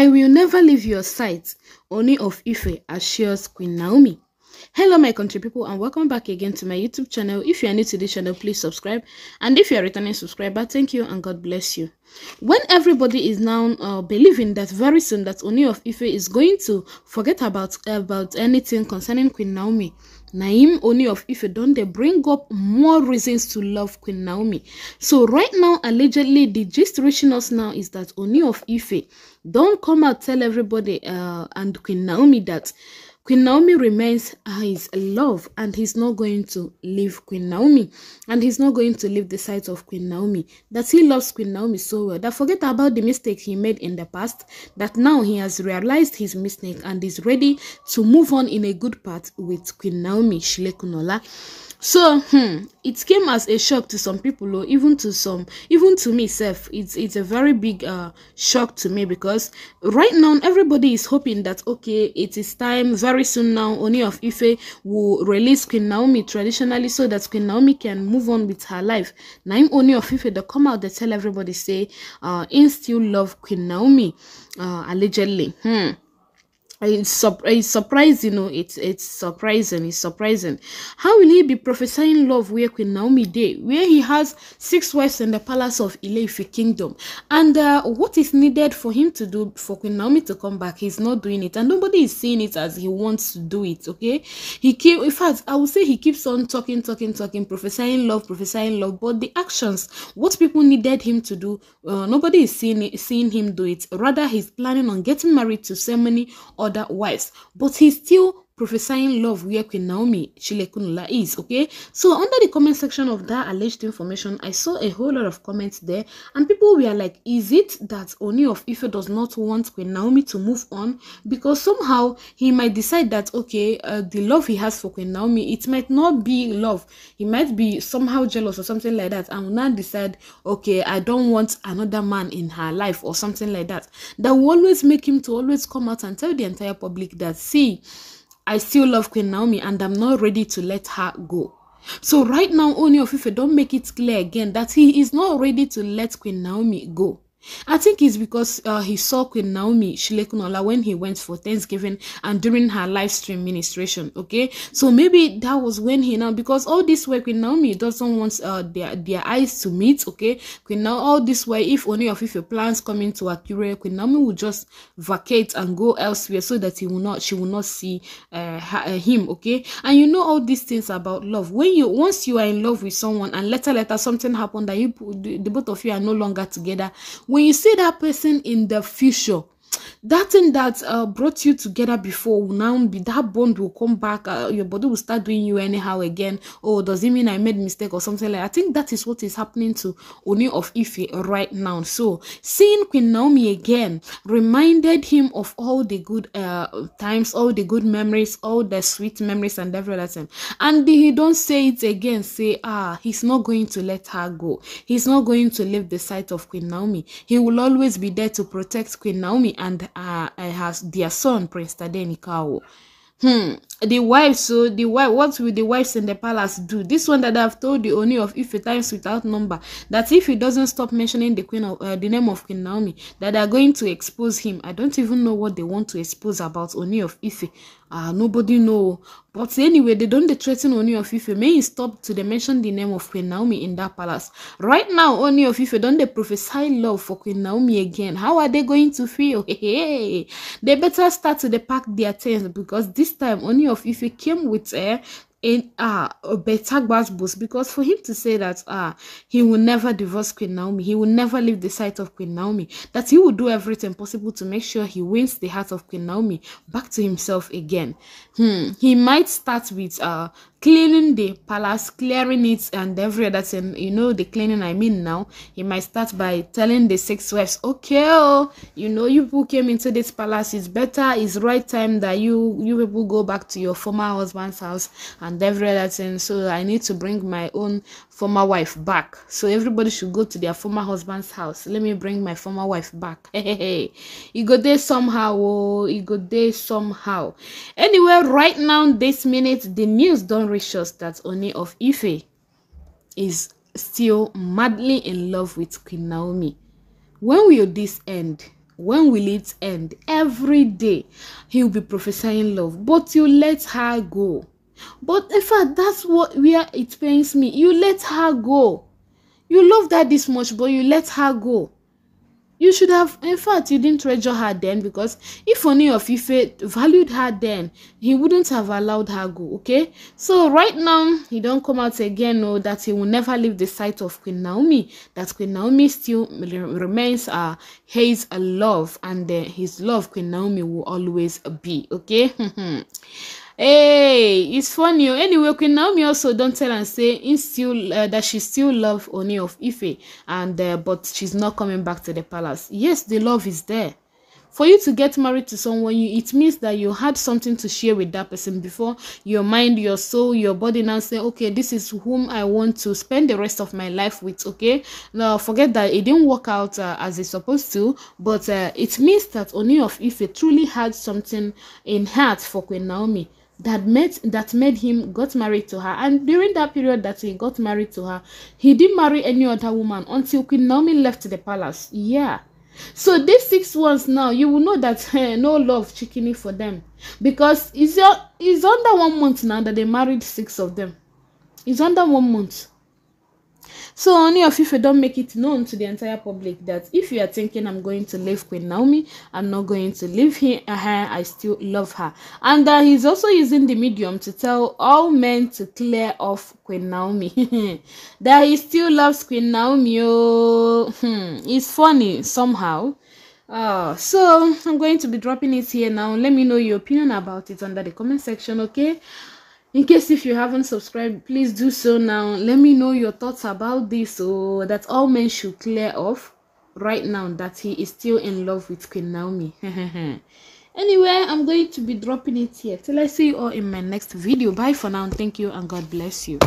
I will never leave your sight, Only of Ife assures Queen Naomi. Hello my country people and welcome back again to my YouTube channel. If you are new to this channel, please subscribe. And if you are a returning subscriber, thank you and God bless you. When everybody is now uh, believing that very soon that Oni of Ife is going to forget about, about anything concerning Queen Naomi, Naim Oni of Ife don't they bring up more reasons to love Queen Naomi. So right now, allegedly, the gist reaching us now is that Oni of Ife don't come out tell everybody uh, and Queen Naomi that Queen Naomi remains his love and he's not going to leave Queen Naomi and he's not going to leave the sight of Queen Naomi. That he loves Queen Naomi so well that forget about the mistake he made in the past that now he has realized his mistake and is ready to move on in a good path with Queen Naomi Shilekunola. So hmm, it came as a shock to some people or even to some even to myself. It's it's a very big uh, shock to me because right now everybody is hoping that okay it is time very very soon now, Oni of Ife will release Queen Naomi traditionally so that Queen Naomi can move on with her life. Naim Oni of Ife, they come out, they tell everybody, say, uh, in still love Queen Naomi, uh, allegedly. Hmm it's, it's surprising no it's it's surprising it's surprising how will he be prophesying love where queen naomi day where he has six wives in the palace of ileife kingdom and uh, what is needed for him to do for queen naomi to come back he's not doing it and nobody is seeing it as he wants to do it okay he keep in fact i would say he keeps on talking talking talking prophesying love prophesying love but the actions what people needed him to do uh, nobody is seeing it, seeing him do it rather he's planning on getting married to so many or other wives, but he still prophesying love where Queen Naomi Chilekunla is. Okay, so under the comment section of that alleged information, I saw a whole lot of comments there, and people were like, Is it that Oni of Ife does not want Queen Naomi to move on because somehow he might decide that okay, uh, the love he has for Queen Naomi it might not be love, he might be somehow jealous or something like that, and will not decide, Okay, I don't want another man in her life or something like that. That will always make him to always come out and tell the entire public that see I still love Queen Naomi and I'm not ready to let her go. So right now, Ooni of don't make it clear again that he is not ready to let Queen Naomi go. I think it's because uh, he saw Queen Naomi Shilekunola when he went for Thanksgiving and during her live stream ministration. Okay, so maybe that was when he now because all this way Queen Naomi doesn't want uh, their their eyes to meet. Okay, Queen now all this way if only of if your plans come into Akure, Queen Naomi will just vacate and go elsewhere so that he will not she will not see uh, her, uh, him. Okay, and you know all these things about love. When you once you are in love with someone and later later something happened that you the, the both of you are no longer together when you see that person in the future that thing that uh, brought you together before will now be that bond will come back uh, your body will start doing you anyhow again oh does it mean i made mistake or something like that? i think that is what is happening to oni of ife right now so seeing queen naomi again reminded him of all the good uh, times all the good memories all the sweet memories and everything and he don't say it again say ah he's not going to let her go he's not going to leave the side of queen naomi he will always be there to protect queen naomi and uh, have their son Prince Tadenikawo. Hmm. The wife, so the wife, what will the wives in the palace do? This one that I've told the Oni of Ife times without number, that if he doesn't stop mentioning the queen of uh, the name of Queen Naomi, that they're going to expose him. I don't even know what they want to expose about Oni of Ife. Uh, nobody know. But anyway, they don't threaten Oni of Ife. May he stop to they mention the name of Queen Naomi in that palace. Right now, Oni of Ife don't they prophesy love for Queen Naomi again. How are they going to feel? Hey, They better start to they pack their tents because this time Oni of Ife came with her eh, in ah uh, Betagba's books because for him to say that ah uh, he will never divorce Queen Naomi, he will never leave the sight of Queen Naomi, that he will do everything possible to make sure he wins the heart of Queen Naomi back to himself again. Hmm. He might start with uh cleaning the palace clearing it and every other thing you know the cleaning i mean now he might start by telling the six wives okay oh you know you people came into this palace it's better it's right time that you you people go back to your former husband's house and every other thing so i need to bring my own former wife back. So everybody should go to their former husband's house. Let me bring my former wife back. Hey, you go there somehow. Oh, you go there somehow. Anyway, right now, this minute, the news don't reach us that Oni of Ife is still madly in love with Queen Naomi. When will this end? When will it end? Every day, he will be prophesying love, but you let her go. But in fact, that's what where it pains me. You let her go. You love that this much, but you let her go. You should have, in fact, you didn't treasure her then because if only of Ife valued her then, he wouldn't have allowed her go, okay? So right now, he don't come out again, no, that he will never leave the sight of Queen Naomi, that Queen Naomi still remains uh, his love and uh, his love Queen Naomi will always be, okay? hey it's funny o anyway queen naomi also don tell am say im still uh, that she still love oni of ife and uh, but she's not coming back to the palace yes the love is there for you to get married to someone you it means that you had something to share with that person before your mind your soul your body now say okay this is whom i want to spend the rest of my life with okay now forget that it didn't work out uh, as it's supposed to but uh, it means that oni of ife truly had something in heart for queen naomi that met that made him got married to her and during that period that he got married to her he didn't marry any other woman until queen naomi left the palace yeah so these six ones now you will know that hey, eh, no love chickeny for them because it's, it's under one month now that they married six of them it's under one month so only of you don't make it known to the entire public that if you are thinking I'm going to leave Queen Naomi, I'm not going to leave her, I still love her. And uh, he's also using the medium to tell all men to clear off Queen Naomi. that he still loves Queen Naomi. Oh, hmm. It's funny somehow. Uh, so I'm going to be dropping it here now. Let me know your opinion about it under the comment section, okay? in case if you haven't subscribed please do so now let me know your thoughts about this so oh, that all men should clear off right now that he is still in love with queen naomi anyway i'm going to be dropping it here till i see you all in my next video bye for now thank you and god bless you